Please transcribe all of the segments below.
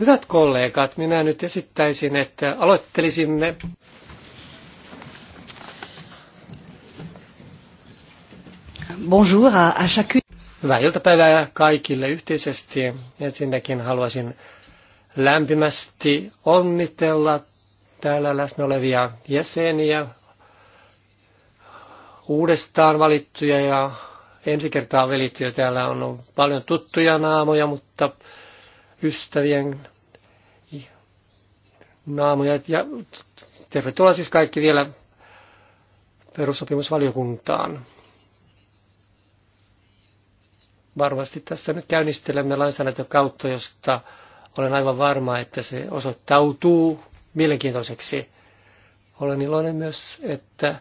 Hyvät kollegat, minä nyt esittäisin, että aloittelisimme Bonjour à, à chacune. Hyvää iltapäivää kaikille yhteisesti. Ensinnäkin haluaisin lämpimästi onnitella täällä läsnä olevia jäseniä, uudestaan valittuja ja ensi kertaa velityö. Täällä on ollut paljon tuttuja naamoja, mutta ystävien naamoja. Ja tervetuloa siis kaikki vielä perussopimusvaliokuntaan. Varmasti tässä nyt käynnistelemme lainsäädäntökautta, josta olen aivan varma, että se osoittautuu mielenkiintoiseksi. Olen iloinen myös, että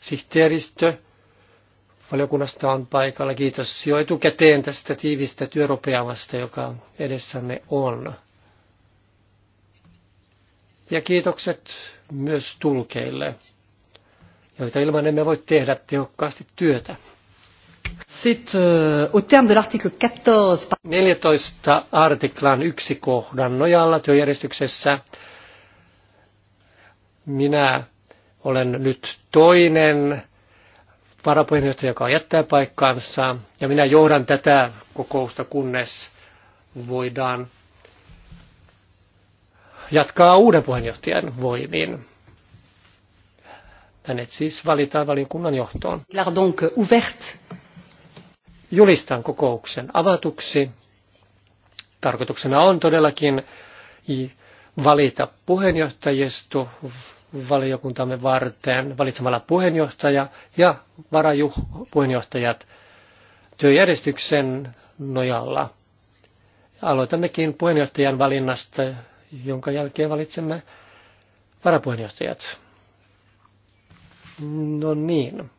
sihteeristö valiokunnasta on paikalla. Kiitos jo etukäteen tästä tiivistä työrupeamasta, joka edessämme on. Ja kiitokset myös tulkeille, joita ilman emme voi tehdä tehokkaasti työtä. Sitten euh, au terme de l'article 14. 14 artiklan yksi kohdan nojalla työjärjestyksessä minä olen nyt toinen varapuheenjohtaja, joka jättää paikkaansa. Ja minä johdan tätä kokousta, kunnes voidaan jatkaa uuden puheenjohtajan voimin. Hänet siis valitaan valiokunnan johtoon. Julistan kokouksen avatuksi. Tarkoituksena on todellakin valita puheenjohtajisto valiokuntamme varten valitsemalla puheenjohtaja ja varapuheenjohtajat työjärjestyksen nojalla. Aloitammekin puheenjohtajan valinnasta, jonka jälkeen valitsemme varapuheenjohtajat. No niin.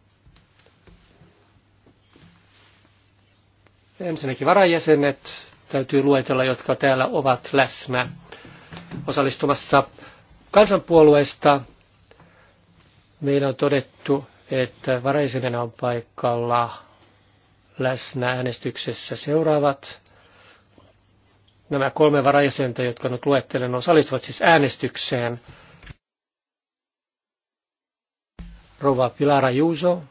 Ensinnäkin varajäsenet täytyy luetella, jotka täällä ovat läsnä osallistumassa Kansanpuolueesta meillä on todettu, että varaisenena on paikalla läsnä äänestyksessä seuraavat. Nämä kolme varajäsentä, jotka nyt luettelen, osallistuvat siis äänestykseen. Rouva Pilara Juuso,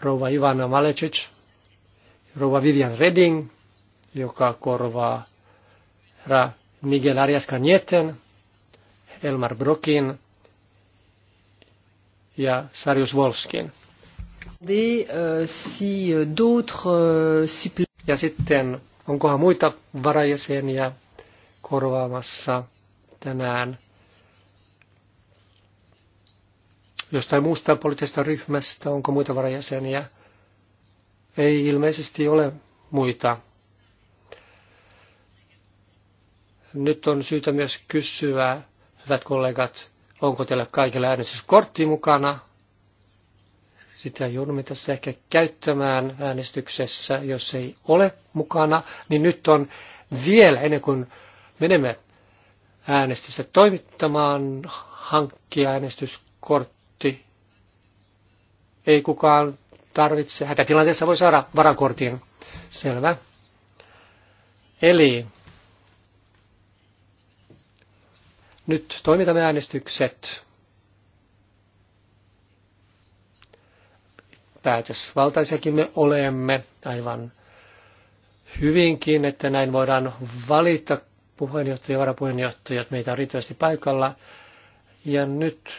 rouva Ivana Malecic, rouva Vivian Redding, joka korvaa herra Miguel Arias Canieten, Elmar Brokin ja Sarius Volskin. Euh, euh, euh, ja sitten onkohan muita varajäseniä korvaamassa tänään jostain muusta poliittisesta ryhmästä, onko muita varajäseniä? Ei ilmeisesti ole muita. Nyt on syytä myös kysyä, Hyvät kollegat, onko teillä kaikilla äänestyskortti mukana? Sitä joudumme tässä ehkä käyttämään äänestyksessä, jos ei ole mukana. Niin nyt on vielä, ennen kuin menemme äänestystä toimittamaan, hankkia äänestyskortti. Ei kukaan tarvitse. Hätätilanteessa voi saada varakortin. Selvä. Eli Nyt toimitamme äänestykset. Päätösvaltaisiakin me olemme aivan hyvinkin, että näin voidaan valita puheenjohtaja ja varapuheenjohtajat. Meitä on riittävästi paikalla. Ja nyt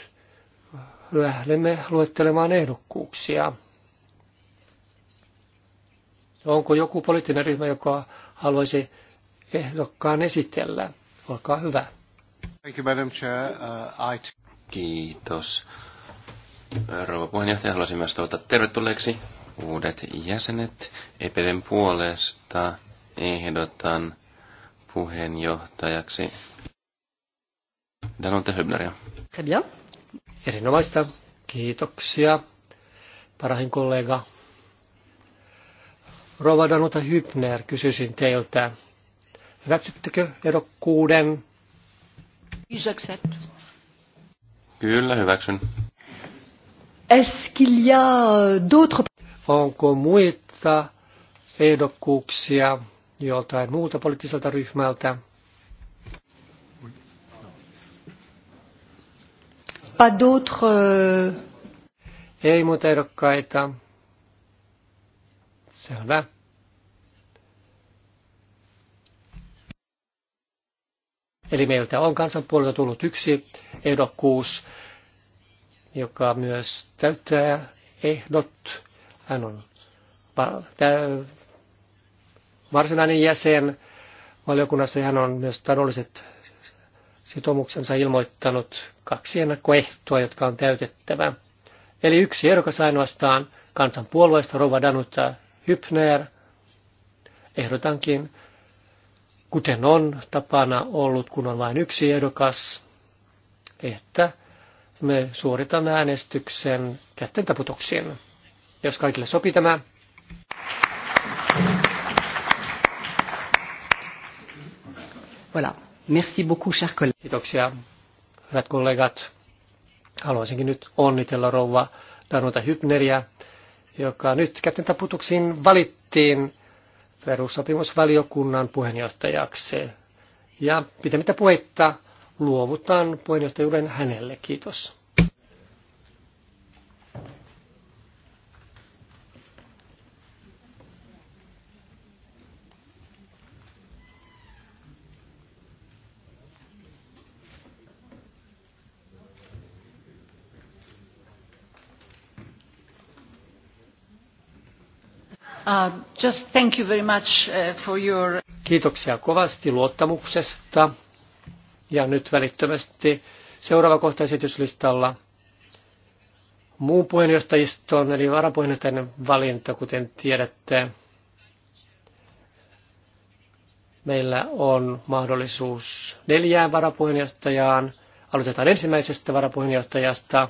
lähdemme luettelemaan ehdokkuuksia. Onko joku poliittinen ryhmä, joka haluaisi ehdokkaan esitellä? Olkaa hyvä. Thank you, Madam Chair. Uh, I... Kiitos. Rouva puheenjohtaja, haluaisin myös toivottaa tervetulleeksi uudet jäsenet. EPVn puolesta ehdotan puheenjohtajaksi Danonte Höbneria. Erinomaista. Kiitoksia, parahin kollega. Rova Danuta Hübner, kysyisin teiltä, hyväksyttekö erokkuuden Kyllä, hyväksyn. Est-ce qu'il y a euh, d'autres... Onko muita ehdokkuuksia joltain muulta poliittiselta ryhmältä? Pas d'autres... Euh- Ei muita ehdokkaita. Selvä. Eli meiltä on kansanpuolelta tullut yksi ehdokkuus, joka myös täyttää ehdot. Hän on varsinainen jäsen valiokunnassa ja hän on myös taloudelliset sitoumuksensa ilmoittanut kaksi ennakkoehtoa, jotka on täytettävä. Eli yksi ehdokas ainoastaan kansanpuolueesta Rova Danuta Hypner. Ehdotankin, kuten on tapana ollut, kun on vain yksi ehdokas, että me suoritamme äänestyksen kätten taputuksiin. Jos kaikille sopii tämä. Voilà. Merci beaucoup, chers collègues. Kiitoksia, hyvät kollegat. Haluaisinkin nyt onnitella rouva Danuta Hypneriä, joka nyt kätten taputuksiin valittiin perussopimusvaliokunnan puheenjohtajaksi. Ja pitämättä puhetta luovutan puheenjohtajuuden hänelle. Kiitos. Uh, just thank you very much uh, for your... Kiitoksia kovasti luottamuksesta. Ja nyt välittömästi seuraava kohta esityslistalla muun puheenjohtajiston, eli varapuheenjohtajan valinta, kuten tiedätte. Meillä on mahdollisuus neljään varapuheenjohtajaan. Aloitetaan ensimmäisestä varapuheenjohtajasta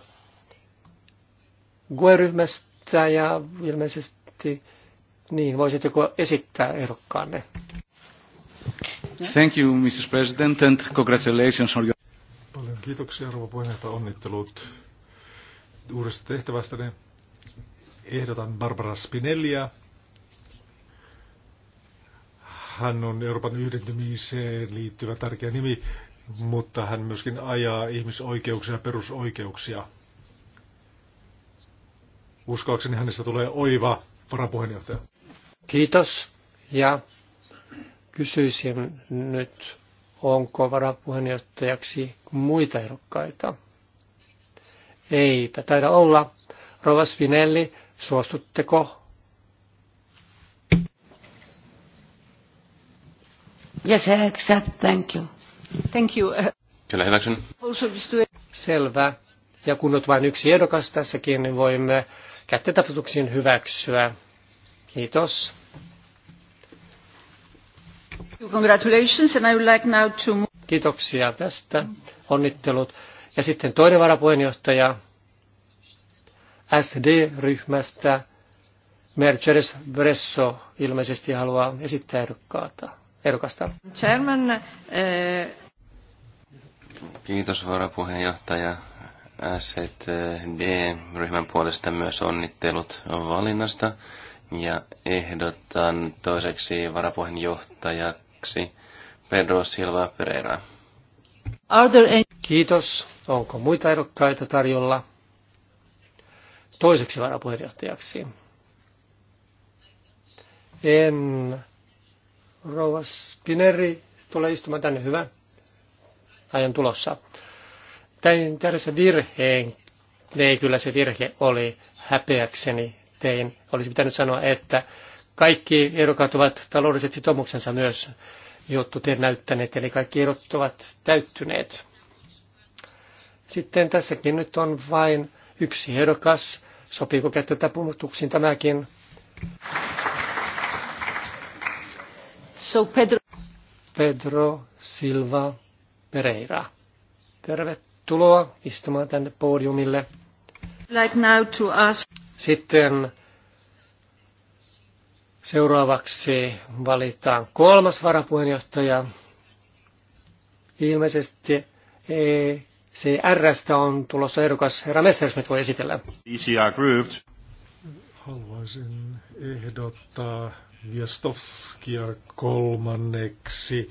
GUE-ryhmästä ja ilmeisesti niin, voisitteko esittää ehdokkaanne? Thank you, Mrs. President, and congratulations on your... Paljon kiitoksia, arvo puheenjohtaja, onnittelut uudesta tehtävästä. Ehdotan Barbara Spinelliä. Hän on Euroopan yhdentymiseen liittyvä tärkeä nimi, mutta hän myöskin ajaa ihmisoikeuksia ja perusoikeuksia. Uskoakseni hänestä tulee oiva varapuheenjohtaja. Kiitos. Ja kysyisin nyt, onko varapuheenjohtajaksi muita ehdokkaita? Eipä taida olla. Rova Svinelli, suostutteko? Yes, I accept. Thank you. Thank you. Kyllä hyväksyn. Selvä. Ja kun olet vain yksi ehdokas tässäkin, niin voimme kättetapatuksiin hyväksyä. Kiitos. Kiitoksia tästä. Onnittelut. Ja sitten toinen varapuheenjohtaja SD-ryhmästä. Mercedes Bresso ilmeisesti haluaa esittää ehdokkaata. ehdokasta. Chairman, eh... Kiitos varapuheenjohtaja. SD-ryhmän puolesta myös onnittelut valinnasta ja ehdotan toiseksi varapuheenjohtajaksi Seuraavaksi Pedro Silva Pereira. Kiitos. Onko muita ehdokkaita tarjolla toiseksi varapuheenjohtajaksi? En. Rouva Spineri tulee istumaan tänne. Hyvä. ajan tulossa. Tein tässä virheen. Ei kyllä se virhe oli. Häpeäkseni tein. Olisi pitänyt sanoa, että kaikki ehdokkaat ovat taloudelliset sitoumuksensa myös joutuneet näyttäneet, eli kaikki ehdot ovat täyttyneet. Sitten tässäkin nyt on vain yksi ehdokas. Sopiiko kättä punutuksiin tämäkin? So Pedro. Pedro Silva Pereira. Tervetuloa istumaan tänne podiumille. Like now to ask. Sitten Seuraavaksi valitaan kolmas varapuheenjohtaja. Ilmeisesti e CRstä on tulossa ehdokas. Herra Messerschmidt voi esitellä. ECR Group. Haluaisin ehdottaa Viestovskia kolmanneksi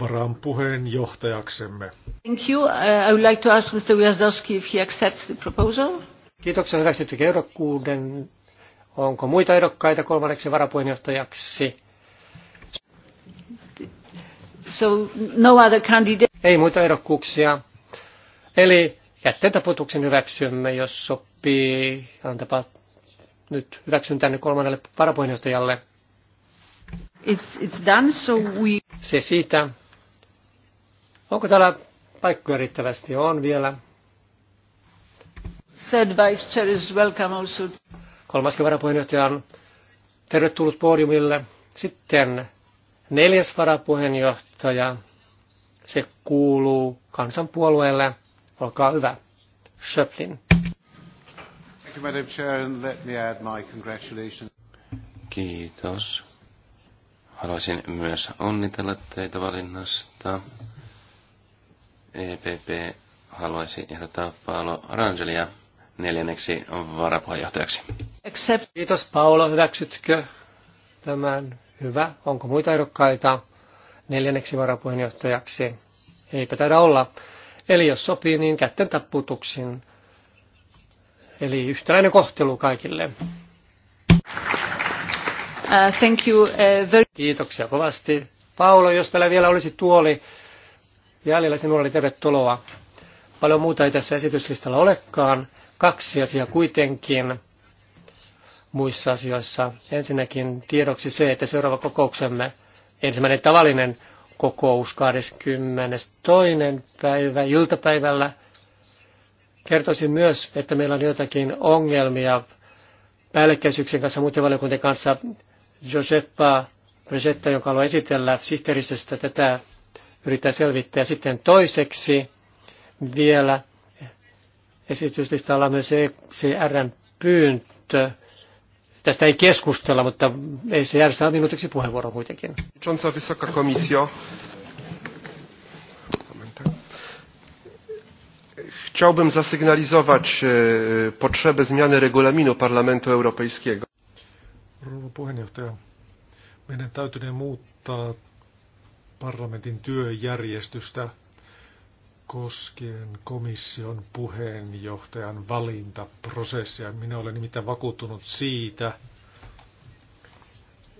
varan puheenjohtajaksemme. Thank you. Uh, I would like to ask Mr. Wiezdowski if he accepts the proposal. Kiitoksia hyväksytty ehdokkuuden Onko muita ehdokkaita kolmanneksi varapuheenjohtajaksi? So, no other candidate. Ei muita ehdokkuuksia. Eli taputuksen hyväksymme, jos sopii. Antapa nyt hyväksyn tänne kolmannelle varapuheenjohtajalle. It's, it's done, so we... Se siitä. Onko täällä paikkoja riittävästi? On vielä. Said vice chair is welcome also. Kolmaskin varapuheenjohtaja on tervetullut podiumille. Sitten neljäs varapuheenjohtaja, se kuuluu kansanpuolueelle. Olkaa hyvä, Schöplin. Kiitos. Haluaisin myös onnitella teitä valinnasta. EPP haluaisi ehdottaa Paolo Rangelia neljänneksi varapuheenjohtajaksi accept... Kiitos Paula, hyväksytkö tämän? Hyvä. Onko muita ehdokkaita neljänneksi varapuheenjohtajaksi? Eipä taida olla. Eli jos sopii, niin kätten tapputuksin. Eli yhtäläinen kohtelu kaikille. Uh, thank you, uh, very... Kiitoksia kovasti. Paolo, jos täällä vielä olisi tuoli jäljellä, sinulla oli tervetuloa. Paljon muuta ei tässä esityslistalla olekaan. Kaksi asiaa kuitenkin muissa asioissa. Ensinnäkin tiedoksi se, että seuraava kokouksemme, ensimmäinen tavallinen kokous 22. päivä iltapäivällä, kertoisin myös, että meillä on joitakin ongelmia päällekkäisyyksien kanssa muiden valiokuntien kanssa. Joseppa Brezetta, jonka haluaa esitellä sihteeristöstä tätä, yrittää selvittää. Sitten toiseksi vielä esityslistalla on myös ECRn pyyntö Tästä ei keskustella, mutta ei se järjestää minuutiksi puheenvuoro kuitenkin. Johnson, Visoka komissio. Chciałbym zasygnalizować e, potrzebę zmiany regulaminu Parlamentu Europejskiego. Rouva puheenjohtaja, meidän täytyy muuttaa parlamentin työjärjestystä koskien komission puheenjohtajan valintaprosessia. Minä olen nimittäin vakuuttunut siitä,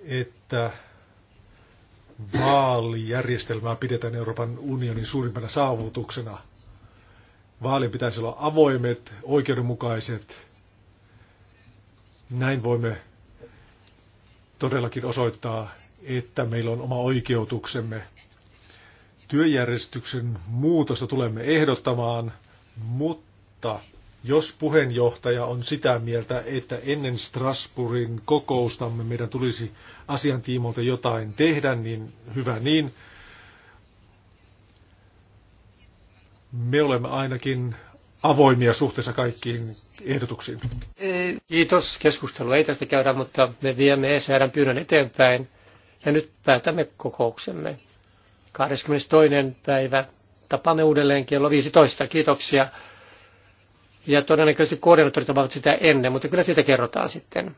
että vaalijärjestelmää pidetään Euroopan unionin suurimpana saavutuksena. Vaalien pitäisi olla avoimet, oikeudenmukaiset. Näin voimme todellakin osoittaa, että meillä on oma oikeutuksemme työjärjestyksen muutosta tulemme ehdottamaan, mutta jos puheenjohtaja on sitä mieltä, että ennen Strasbourgin kokoustamme meidän tulisi asiantiimolta jotain tehdä, niin hyvä niin. Me olemme ainakin avoimia suhteessa kaikkiin ehdotuksiin. Kiitos. Keskustelu ei tästä käydä, mutta me viemme ESRn pyynnön eteenpäin ja nyt päätämme kokouksemme. 22. päivä. Tapaamme uudelleen kello 15. Kiitoksia. Ja todennäköisesti koordinaattorit ovat sitä ennen, mutta kyllä siitä kerrotaan sitten.